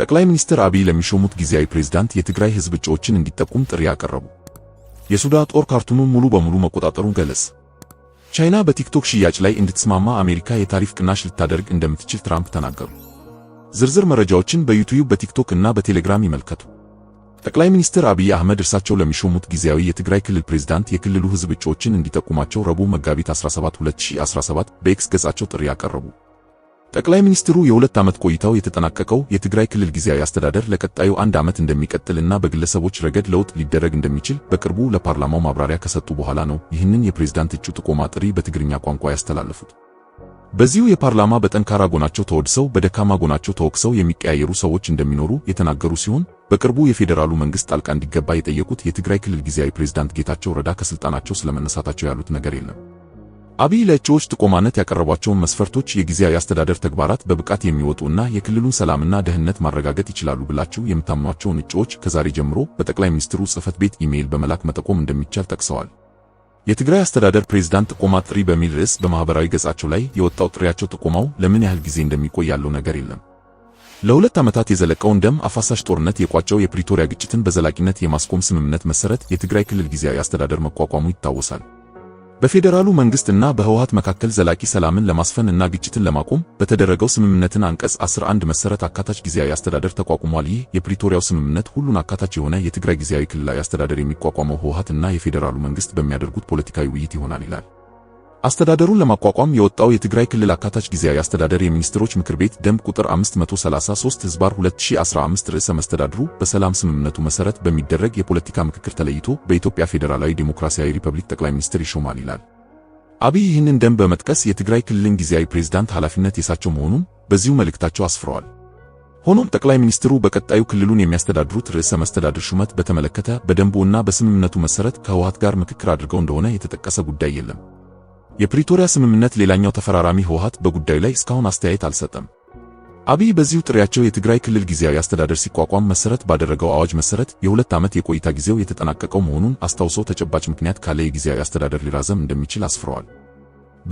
ጠቅላይ ሚኒስትር አብይ ለሚሾሙት ጊዜያዊ ፕሬዝዳንት የትግራይ ህዝብ እጩዎችን እንዲጠቁም ጥሪ አቀረቡ። የሱዳን ጦር ካርቱምን ሙሉ በሙሉ መቆጣጠሩን ገለጸ። ቻይና በቲክቶክ ሽያጭ ላይ እንድትስማማ አሜሪካ የታሪፍ ቅናሽ ልታደርግ እንደምትችል ትራምፕ ተናገሩ። ዝርዝር መረጃዎችን በዩቲዩብ በቲክቶክ እና በቴሌግራም ይመልከቱ። ጠቅላይ ሚኒስትር አብይ አህመድ እርሳቸው ለሚሾሙት ጊዜያዊ የትግራይ ክልል ፕሬዝዳንት የክልሉ ህዝብ እጩዎችን እንዲጠቁማቸው ረቡዕ መጋቢት 17 2017 በኤክስ ገጻቸው ጥሪ አቀረቡ። ጠቅላይ ሚኒስትሩ የሁለት ዓመት ቆይታው የተጠናቀቀው የትግራይ ክልል ጊዜያዊ አስተዳደር ለቀጣዩ አንድ ዓመት እንደሚቀጥል እና በግለሰቦች ረገድ ለውጥ ሊደረግ እንደሚችል በቅርቡ ለፓርላማው ማብራሪያ ከሰጡ በኋላ ነው ይህንን የፕሬዝዳንት እጩ ጥቆማ ጥሪ በትግርኛ ቋንቋ ያስተላለፉት። በዚሁ የፓርላማ በጠንካራ ጎናቸው ተወድሰው በደካማ ጎናቸው ተወቅሰው የሚቀያየሩ ሰዎች እንደሚኖሩ የተናገሩ ሲሆን በቅርቡ የፌዴራሉ መንግስት ጣልቃ እንዲገባ የጠየቁት የትግራይ ክልል ጊዜያዊ ፕሬዝዳንት ጌታቸው ረዳ ከስልጣናቸው ስለመነሳታቸው ያሉት ነገር የለም። አብይ ለእጩዎች ጥቆማነት ያቀረቧቸውን መስፈርቶች የጊዜያዊ አስተዳደር ተግባራት በብቃት የሚወጡ እና የክልሉን ሰላምና ደህንነት ማረጋገጥ ይችላሉ ብላችሁ የምታምኗቸውን እጩዎች ከዛሬ ጀምሮ በጠቅላይ ሚኒስትሩ ጽሕፈት ቤት ኢሜይል በመላክ መጠቆም እንደሚቻል ጠቅሰዋል። የትግራይ አስተዳደር ፕሬዝዳንት ጥቆማ ጥሪ በሚል ርዕስ በማኅበራዊ ገጻቸው ላይ የወጣው ጥሪያቸው ጥቆማው ለምን ያህል ጊዜ እንደሚቆይ ያለው ነገር የለም። ለሁለት ዓመታት የዘለቀውን ደም አፋሳሽ ጦርነት የቋጨው የፕሪቶሪያ ግጭትን በዘላቂነት የማስቆም ስምምነት መሠረት የትግራይ ክልል ጊዜያዊ አስተዳደር መቋቋሙ ይታወሳል። በፌዴራሉ መንግስትና በህወሓት መካከል ዘላቂ ሰላምን ለማስፈን እና ግጭትን ለማቆም በተደረገው ስምምነትን አንቀጽ 11 መሰረት አካታች ጊዜያዊ አስተዳደር ተቋቁሟል። ይህ የፕሪቶሪያው ስምምነት ሁሉን አካታች የሆነ የትግራይ ጊዜያዊ ክልላዊ አስተዳደር የሚቋቋመው ህወሓትና የፌዴራሉ መንግስት በሚያደርጉት ፖለቲካዊ ውይይት ይሆናል ይላል። አስተዳደሩን ለማቋቋም የወጣው የትግራይ ክልል አካታች ጊዜያዊ አስተዳደር የሚኒስትሮች ምክር ቤት ደንብ ቁጥር 533 ህዝባር 2015 ርዕሰ መስተዳድሩ በሰላም ስምምነቱ መሰረት በሚደረግ የፖለቲካ ምክክር ተለይቶ በኢትዮጵያ ፌዴራላዊ ዴሞክራሲያዊ ሪፐብሊክ ጠቅላይ ሚኒስትር ይሾማል ይላል። አብይ ይህንን ደንብ በመጥቀስ የትግራይ ክልልን ጊዜያዊ ፕሬዝዳንት ኃላፊነት የሳቸው መሆኑን በዚሁ መልእክታቸው አስፍረዋል። ሆኖም ጠቅላይ ሚኒስትሩ በቀጣዩ ክልሉን የሚያስተዳድሩት ርዕሰ መስተዳድር ሹመት በተመለከተ በደንቡ እና በስምምነቱ መሰረት ከህወሓት ጋር ምክክር አድርገው እንደሆነ የተጠቀሰ ጉዳይ የለም። የፕሪቶሪያ ስምምነት ሌላኛው ተፈራራሚ ህወሓት በጉዳዩ ላይ እስካሁን አስተያየት አልሰጠም። አብይ በዚሁ ጥሪያቸው የትግራይ ክልል ጊዜያዊ አስተዳደር ሲቋቋም መሰረት ባደረገው አዋጅ መሰረት የሁለት ዓመት የቆይታ ጊዜው የተጠናቀቀው መሆኑን አስታውሰው ተጨባጭ ምክንያት ካለ የጊዜያዊ አስተዳደር ሊራዘም እንደሚችል አስፍረዋል።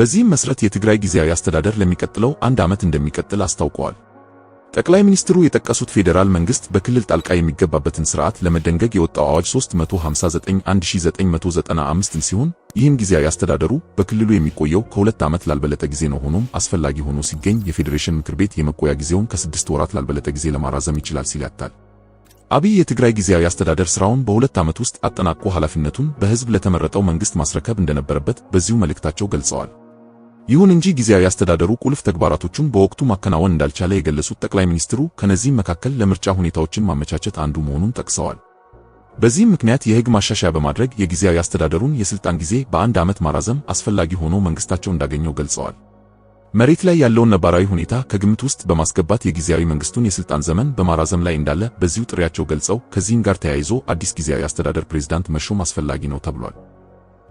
በዚህም መሰረት የትግራይ ጊዜያዊ አስተዳደር ለሚቀጥለው አንድ ዓመት እንደሚቀጥል አስታውቀዋል። ጠቅላይ ሚኒስትሩ የጠቀሱት ፌዴራል መንግስት በክልል ጣልቃ የሚገባበትን ስርዓት ለመደንገግ የወጣው አዋጅ 359/1995 ሲሆን ይህም ጊዜያዊ አስተዳደሩ በክልሉ የሚቆየው ከሁለት ዓመት ላልበለጠ ጊዜ ነው። ሆኖም አስፈላጊ ሆኖ ሲገኝ የፌዴሬሽን ምክር ቤት የመቆያ ጊዜውን ከስድስት ወራት ላልበለጠ ጊዜ ለማራዘም ይችላል ሲል ያታል። አብይ የትግራይ ጊዜያዊ አስተዳደር ስራውን በሁለት ዓመት ውስጥ አጠናቆ ኃላፊነቱን በህዝብ ለተመረጠው መንግስት ማስረከብ እንደነበረበት በዚሁ መልእክታቸው ገልጸዋል። ይሁን እንጂ ጊዜያዊ አስተዳደሩ ቁልፍ ተግባራቶቹን በወቅቱ ማከናወን እንዳልቻለ የገለጹት ጠቅላይ ሚኒስትሩ ከነዚህም መካከል ለምርጫ ሁኔታዎችን ማመቻቸት አንዱ መሆኑን ጠቅሰዋል። በዚህም ምክንያት የህግ ማሻሻያ በማድረግ የጊዜያዊ አስተዳደሩን የስልጣን ጊዜ በአንድ ዓመት ማራዘም አስፈላጊ ሆኖ መንግስታቸው እንዳገኘው ገልጸዋል። መሬት ላይ ያለውን ነባራዊ ሁኔታ ከግምት ውስጥ በማስገባት የጊዜያዊ መንግስቱን የስልጣን ዘመን በማራዘም ላይ እንዳለ በዚሁ ጥሪያቸው ገልጸው ከዚህም ጋር ተያይዞ አዲስ ጊዜያዊ አስተዳደር ፕሬዝዳንት መሾም አስፈላጊ ነው ተብሏል።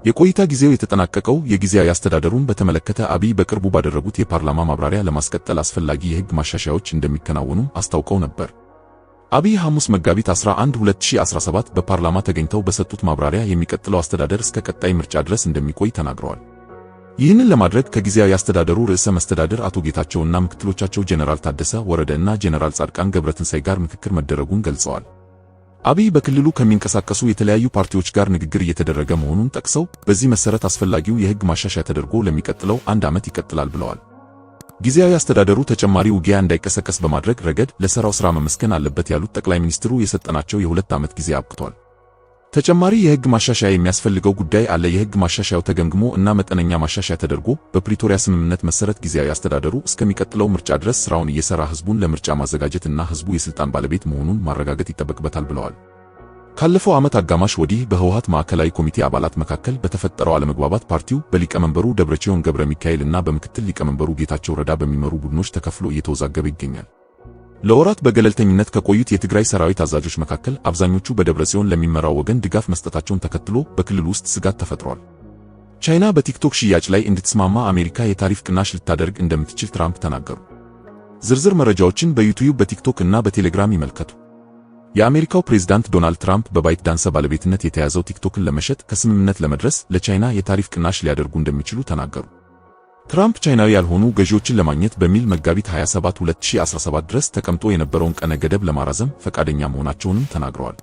የቆይታ ጊዜው የተጠናቀቀው የጊዜያዊ አስተዳደሩን በተመለከተ አብይ በቅርቡ ባደረጉት የፓርላማ ማብራሪያ ለማስቀጠል አስፈላጊ የህግ ማሻሻያዎች እንደሚከናወኑ አስታውቀው ነበር። አብይ ሐሙስ መጋቢት 11 2017 በፓርላማ ተገኝተው በሰጡት ማብራሪያ የሚቀጥለው አስተዳደር እስከ ቀጣይ ምርጫ ድረስ እንደሚቆይ ተናግረዋል። ይህንን ለማድረግ ከጊዜያዊ አስተዳደሩ ርዕሰ መስተዳደር አቶ ጌታቸውና ምክትሎቻቸው ጄኔራል ታደሰ ወረደ እና ጀኔራል ጻድቃን ገብረትንሳይ ጋር ምክክር መደረጉን ገልጸዋል። አብይ በክልሉ ከሚንቀሳቀሱ የተለያዩ ፓርቲዎች ጋር ንግግር እየተደረገ መሆኑን ጠቅሰው በዚህ መሰረት አስፈላጊው የህግ ማሻሻያ ተደርጎ ለሚቀጥለው አንድ ዓመት ይቀጥላል ብለዋል። ጊዜያዊ አስተዳደሩ ተጨማሪ ውጊያ እንዳይቀሰቀስ በማድረግ ረገድ ለሰራው ስራ መመስገን አለበት ያሉት ጠቅላይ ሚኒስትሩ የሰጠናቸው የሁለት ዓመት ጊዜ አብቅቷል። ተጨማሪ የህግ ማሻሻያ የሚያስፈልገው ጉዳይ አለ። የህግ ማሻሻያው ተገምግሞ እና መጠነኛ ማሻሻያ ተደርጎ በፕሪቶሪያ ስምምነት መሰረት ጊዜያዊ አስተዳደሩ እስከሚቀጥለው ምርጫ ድረስ ስራውን እየሰራ ህዝቡን ለምርጫ ማዘጋጀት እና ህዝቡ የስልጣን ባለቤት መሆኑን ማረጋገጥ ይጠበቅበታል ብለዋል። ካለፈው ዓመት አጋማሽ ወዲህ በህወሓት ማዕከላዊ ኮሚቴ አባላት መካከል በተፈጠረው አለመግባባት ፓርቲው በሊቀመንበሩ ደብረጽዮን ገብረ ሚካኤል እና በምክትል ሊቀመንበሩ ጌታቸው ረዳ በሚመሩ ቡድኖች ተከፍሎ እየተወዛገበ ይገኛል። ለወራት በገለልተኝነት ከቆዩት የትግራይ ሰራዊት አዛዦች መካከል አብዛኞቹ በደብረጽዮን ለሚመራው ወገን ድጋፍ መስጠታቸውን ተከትሎ በክልል ውስጥ ስጋት ተፈጥሯል። ቻይና በቲክቶክ ሽያጭ ላይ እንድትስማማ አሜሪካ የታሪፍ ቅናሽ ልታደርግ እንደምትችል ትራምፕ ተናገሩ። ዝርዝር መረጃዎችን በዩቲዩብ በቲክቶክ እና በቴሌግራም ይመልከቱ። የአሜሪካው ፕሬዝዳንት ዶናልድ ትራምፕ በባይት ዳንስ ባለቤትነት የተያዘው ቲክቶክን ለመሸጥ ከስምምነት ለመድረስ ለቻይና የታሪፍ ቅናሽ ሊያደርጉ እንደሚችሉ ተናገሩ። ትራምፕ ቻይናዊ ያልሆኑ ገዢዎችን ለማግኘት በሚል መጋቢት 27 2017 ድረስ ተቀምጦ የነበረውን ቀነ ገደብ ለማራዘም ፈቃደኛ መሆናቸውንም ተናግረዋል።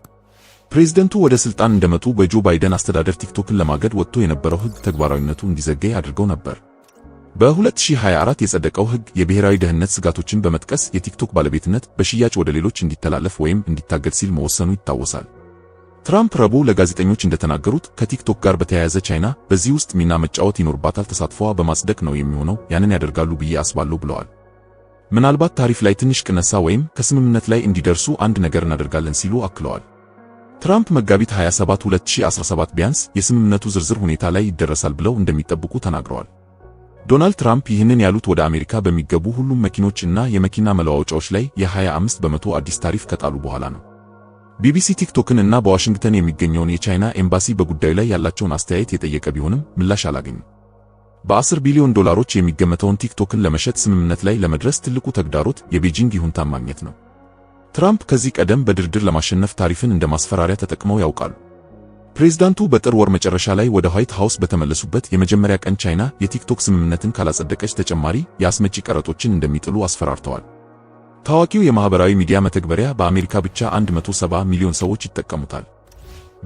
ፕሬዝደንቱ ወደ ስልጣን እንደመጡ በጆ ባይደን አስተዳደር ቲክቶክን ለማገድ ወጥቶ የነበረው ሕግ ተግባራዊነቱ እንዲዘገይ አድርገው ነበር። በ2024 የጸደቀው ህግ የብሔራዊ ደህንነት ስጋቶችን በመጥቀስ የቲክቶክ ባለቤትነት በሽያጭ ወደ ሌሎች እንዲተላለፍ ወይም እንዲታገድ ሲል መወሰኑ ይታወሳል። ትራምፕ ረቡዕ ለጋዜጠኞች እንደተናገሩት ከቲክቶክ ጋር በተያያዘ ቻይና በዚህ ውስጥ ሚና መጫወት ይኖርባታል፣ ተሳትፏ በማጽደቅ ነው የሚሆነው፣ ያንን ያደርጋሉ ብዬ አስባለሁ ብለዋል። ምናልባት ታሪፍ ላይ ትንሽ ቅነሳ ወይም ከስምምነት ላይ እንዲደርሱ አንድ ነገር እናደርጋለን ሲሉ አክለዋል። ትራምፕ መጋቢት 27 2017 ቢያንስ የስምምነቱ ዝርዝር ሁኔታ ላይ ይደረሳል ብለው እንደሚጠብቁ ተናግረዋል። ዶናልድ ትራምፕ ይህንን ያሉት ወደ አሜሪካ በሚገቡ ሁሉም መኪኖች እና የመኪና መለዋወጫዎች ላይ የ25 በመቶ አዲስ ታሪፍ ከጣሉ በኋላ ነው። ቢቢሲ ቲክቶክን እና በዋሽንግተን የሚገኘውን የቻይና ኤምባሲ በጉዳዩ ላይ ያላቸውን አስተያየት የጠየቀ ቢሆንም ምላሽ አላገኝም። በ10 ቢሊዮን ዶላሮች የሚገመተውን ቲክቶክን ለመሸጥ ስምምነት ላይ ለመድረስ ትልቁ ተግዳሮት የቤጂንግ ይሁንታ ማግኘት ነው። ትራምፕ ከዚህ ቀደም በድርድር ለማሸነፍ ታሪፍን እንደ ማስፈራሪያ ተጠቅመው ያውቃሉ። ፕሬዝዳንቱ በጥር ወር መጨረሻ ላይ ወደ ዋይት ሃውስ በተመለሱበት የመጀመሪያ ቀን ቻይና የቲክቶክ ስምምነትን ካላጸደቀች ተጨማሪ የአስመጪ ቀረጦችን እንደሚጥሉ አስፈራርተዋል። ታዋቂው የማህበራዊ ሚዲያ መተግበሪያ በአሜሪካ ብቻ 170 ሚሊዮን ሰዎች ይጠቀሙታል።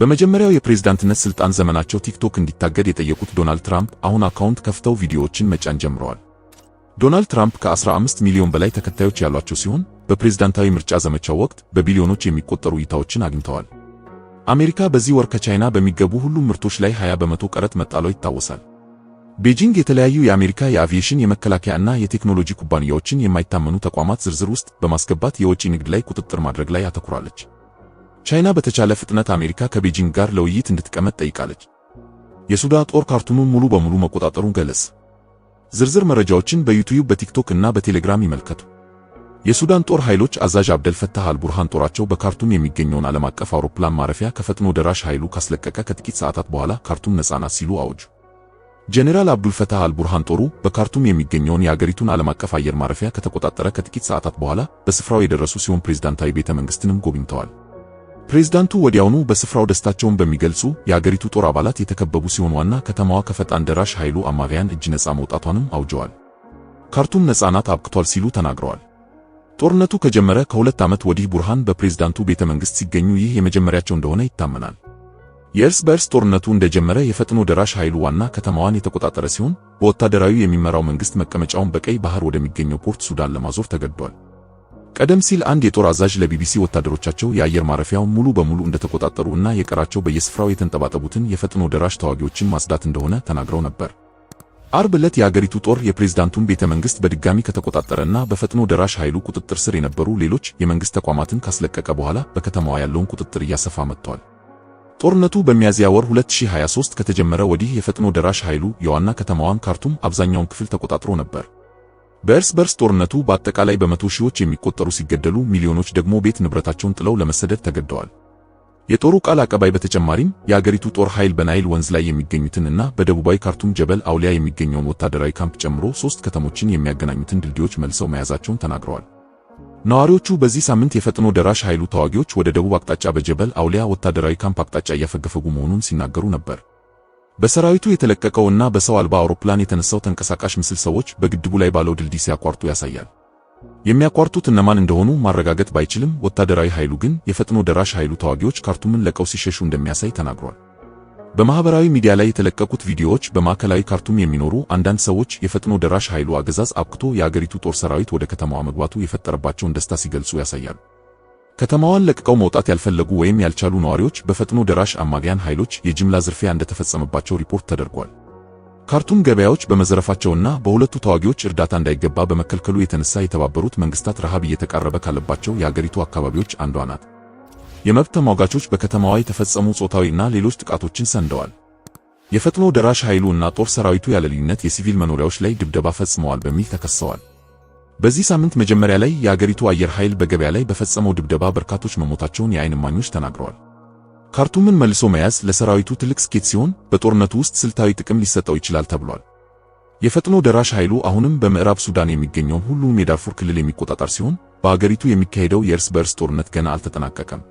በመጀመሪያው የፕሬዝዳንትነት ስልጣን ዘመናቸው ቲክቶክ እንዲታገድ የጠየቁት ዶናልድ ትራምፕ አሁን አካውንት ከፍተው ቪዲዮዎችን መጫን ጀምረዋል። ዶናልድ ትራምፕ ከ15 ሚሊዮን በላይ ተከታዮች ያሏቸው ሲሆን በፕሬዝዳንታዊ ምርጫ ዘመቻው ወቅት በቢሊዮኖች የሚቆጠሩ እይታዎችን አግኝተዋል። አሜሪካ በዚህ ወር ከቻይና በሚገቡ ሁሉም ምርቶች ላይ 20 በመቶ ቀረጥ መጣሏ ይታወሳል። ቤጂንግ የተለያዩ የአሜሪካ የአቪዬሽን፣ የመከላከያ እና የቴክኖሎጂ ኩባንያዎችን የማይታመኑ ተቋማት ዝርዝር ውስጥ በማስገባት የወጪ ንግድ ላይ ቁጥጥር ማድረግ ላይ አተኩራለች። ቻይና በተቻለ ፍጥነት አሜሪካ ከቤጂንግ ጋር ለውይይት እንድትቀመጥ ጠይቃለች። የሱዳን ጦር ካርቱምን ሙሉ በሙሉ መቆጣጠሩን ገለጸ። ዝርዝር መረጃዎችን በዩቲዩብ በቲክቶክ እና በቴሌግራም ይመልከቱ። የሱዳን ጦር ኃይሎች አዛዥ አብደልፈታህ አልቡርሃን ጦራቸው በካርቱም የሚገኘውን ዓለም አቀፍ አውሮፕላን ማረፊያ ከፈጥኖ ደራሽ ኃይሉ ካስለቀቀ ከጥቂት ሰዓታት በኋላ ካርቱም ነጻ ናት ሲሉ አወጁ። ጄኔራል አብዱልፈታህ አልቡርሃን ጦሩ በካርቱም የሚገኘውን የአገሪቱን ዓለም አቀፍ አየር ማረፊያ ከተቆጣጠረ ከጥቂት ሰዓታት በኋላ በስፍራው የደረሱ ሲሆን ፕሬዝዳንታዊ ቤተ መንግሥትንም ጎብኝተዋል። ፕሬዝዳንቱ ወዲያውኑ በስፍራው ደስታቸውን በሚገልጹ የአገሪቱ ጦር አባላት የተከበቡ ሲሆን ዋና ከተማዋ ከፈጣን ደራሽ ኃይሉ አማቢያን እጅ ነጻ መውጣቷንም አውጀዋል። ካርቱም ነጻ ናት አብቅቷል ሲሉ ተናግረዋል። ጦርነቱ ከጀመረ ከሁለት ዓመት ወዲህ ቡርሃን በፕሬዝዳንቱ ቤተ መንግሥት ሲገኙ ይህ የመጀመሪያቸው እንደሆነ ይታመናል። የእርስ በእርስ ጦርነቱ እንደጀመረ የፈጥኖ ደራሽ ኃይሉ ዋና ከተማዋን የተቆጣጠረ ሲሆን በወታደራዊ የሚመራው መንግሥት መቀመጫውን በቀይ ባህር ወደሚገኘው ፖርት ሱዳን ለማዞር ተገድዷል። ቀደም ሲል አንድ የጦር አዛዥ ለቢቢሲ ወታደሮቻቸው የአየር ማረፊያውን ሙሉ በሙሉ እንደተቆጣጠሩ እና የቀራቸው በየስፍራው የተንጠባጠቡትን የፈጥኖ ደራሽ ተዋጊዎችን ማጽዳት እንደሆነ ተናግረው ነበር። አርብ ዕለት የአገሪቱ ጦር የፕሬዝዳንቱን ቤተ መንግስት በድጋሚ ከተቆጣጠረና በፈጥኖ ደራሽ ኃይሉ ቁጥጥር ስር የነበሩ ሌሎች የመንግስት ተቋማትን ካስለቀቀ በኋላ በከተማዋ ያለውን ቁጥጥር እያሰፋ መጥቷል። ጦርነቱ በሚያዝያ ወር 2023 ከተጀመረ ወዲህ የፈጥኖ ደራሽ ኃይሉ የዋና ከተማዋን ካርቱም አብዛኛውን ክፍል ተቆጣጥሮ ነበር። በእርስ በርስ ጦርነቱ በአጠቃላይ በመቶ ሺዎች የሚቆጠሩ ሲገደሉ፣ ሚሊዮኖች ደግሞ ቤት ንብረታቸውን ጥለው ለመሰደድ ተገደዋል። የጦሩ ቃል አቀባይ በተጨማሪም የአገሪቱ ጦር ኃይል በናይል ወንዝ ላይ የሚገኙትን እና በደቡባዊ ካርቱም ጀበል አውሊያ የሚገኘውን ወታደራዊ ካምፕ ጨምሮ ሶስት ከተሞችን የሚያገናኙትን ድልድዮች መልሰው መያዛቸውን ተናግረዋል። ነዋሪዎቹ በዚህ ሳምንት የፈጥኖ ደራሽ ኃይሉ ተዋጊዎች ወደ ደቡብ አቅጣጫ በጀበል አውሊያ ወታደራዊ ካምፕ አቅጣጫ እያፈገፈጉ መሆኑን ሲናገሩ ነበር። በሰራዊቱ የተለቀቀውና በሰው አልባ አውሮፕላን የተነሳው ተንቀሳቃሽ ምስል ሰዎች በግድቡ ላይ ባለው ድልድይ ሲያቋርጡ ያሳያል። የሚያቋርጡት እነማን እንደሆኑ ማረጋገጥ ባይችልም ወታደራዊ ኃይሉ ግን የፈጥኖ ደራሽ ኃይሉ ተዋጊዎች ካርቱምን ለቀው ሲሸሹ እንደሚያሳይ ተናግሯል። በማህበራዊ ሚዲያ ላይ የተለቀቁት ቪዲዮዎች በማዕከላዊ ካርቱም የሚኖሩ አንዳንድ ሰዎች የፈጥኖ ደራሽ ኃይሉ አገዛዝ አብቅቶ የአገሪቱ ጦር ሰራዊት ወደ ከተማዋ መግባቱ የፈጠረባቸውን ደስታ ሲገልጹ ያሳያሉ። ከተማዋን ለቅቀው መውጣት ያልፈለጉ ወይም ያልቻሉ ነዋሪዎች በፈጥኖ ደራሽ አማጽያን ኃይሎች የጅምላ ዝርፊያ እንደተፈጸመባቸው ሪፖርት ተደርጓል። ካርቱም ገበያዎች በመዘረፋቸውና በሁለቱ ተዋጊዎች እርዳታ እንዳይገባ በመከልከሉ የተነሳ የተባበሩት መንግስታት ረሃብ እየተቃረበ ካለባቸው የአገሪቱ አካባቢዎች አንዷ ናት። የመብት ተሟጋቾች በከተማዋ የተፈጸሙ ጾታዊና ሌሎች ጥቃቶችን ሰንደዋል። የፈጥኖ ደራሽ ኃይሉ እና ጦር ሰራዊቱ ያለ የሲቪል መኖሪያዎች ላይ ድብደባ ፈጽመዋል በሚል ተከሰዋል። በዚህ ሳምንት መጀመሪያ ላይ የአገሪቱ አየር ኃይል በገበያ ላይ በፈጸመው ድብደባ በርካቶች መሞታቸውን የዓይን እማኞች ተናግረዋል። ካርቱምን መልሶ መያዝ ለሰራዊቱ ትልቅ ስኬት ሲሆን በጦርነቱ ውስጥ ስልታዊ ጥቅም ሊሰጠው ይችላል ተብሏል። የፈጥኖ ደራሽ ኃይሉ አሁንም በምዕራብ ሱዳን የሚገኘውን ሁሉም የዳርፉር ክልል የሚቆጣጠር ሲሆን በአገሪቱ የሚካሄደው የእርስ በእርስ ጦርነት ገና አልተጠናቀቀም።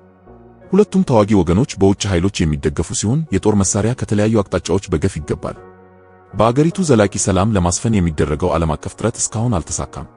ሁለቱም ተዋጊ ወገኖች በውጭ ኃይሎች የሚደገፉ ሲሆን የጦር መሳሪያ ከተለያዩ አቅጣጫዎች በገፍ ይገባል። በአገሪቱ ዘላቂ ሰላም ለማስፈን የሚደረገው ዓለም አቀፍ ጥረት እስካሁን አልተሳካም።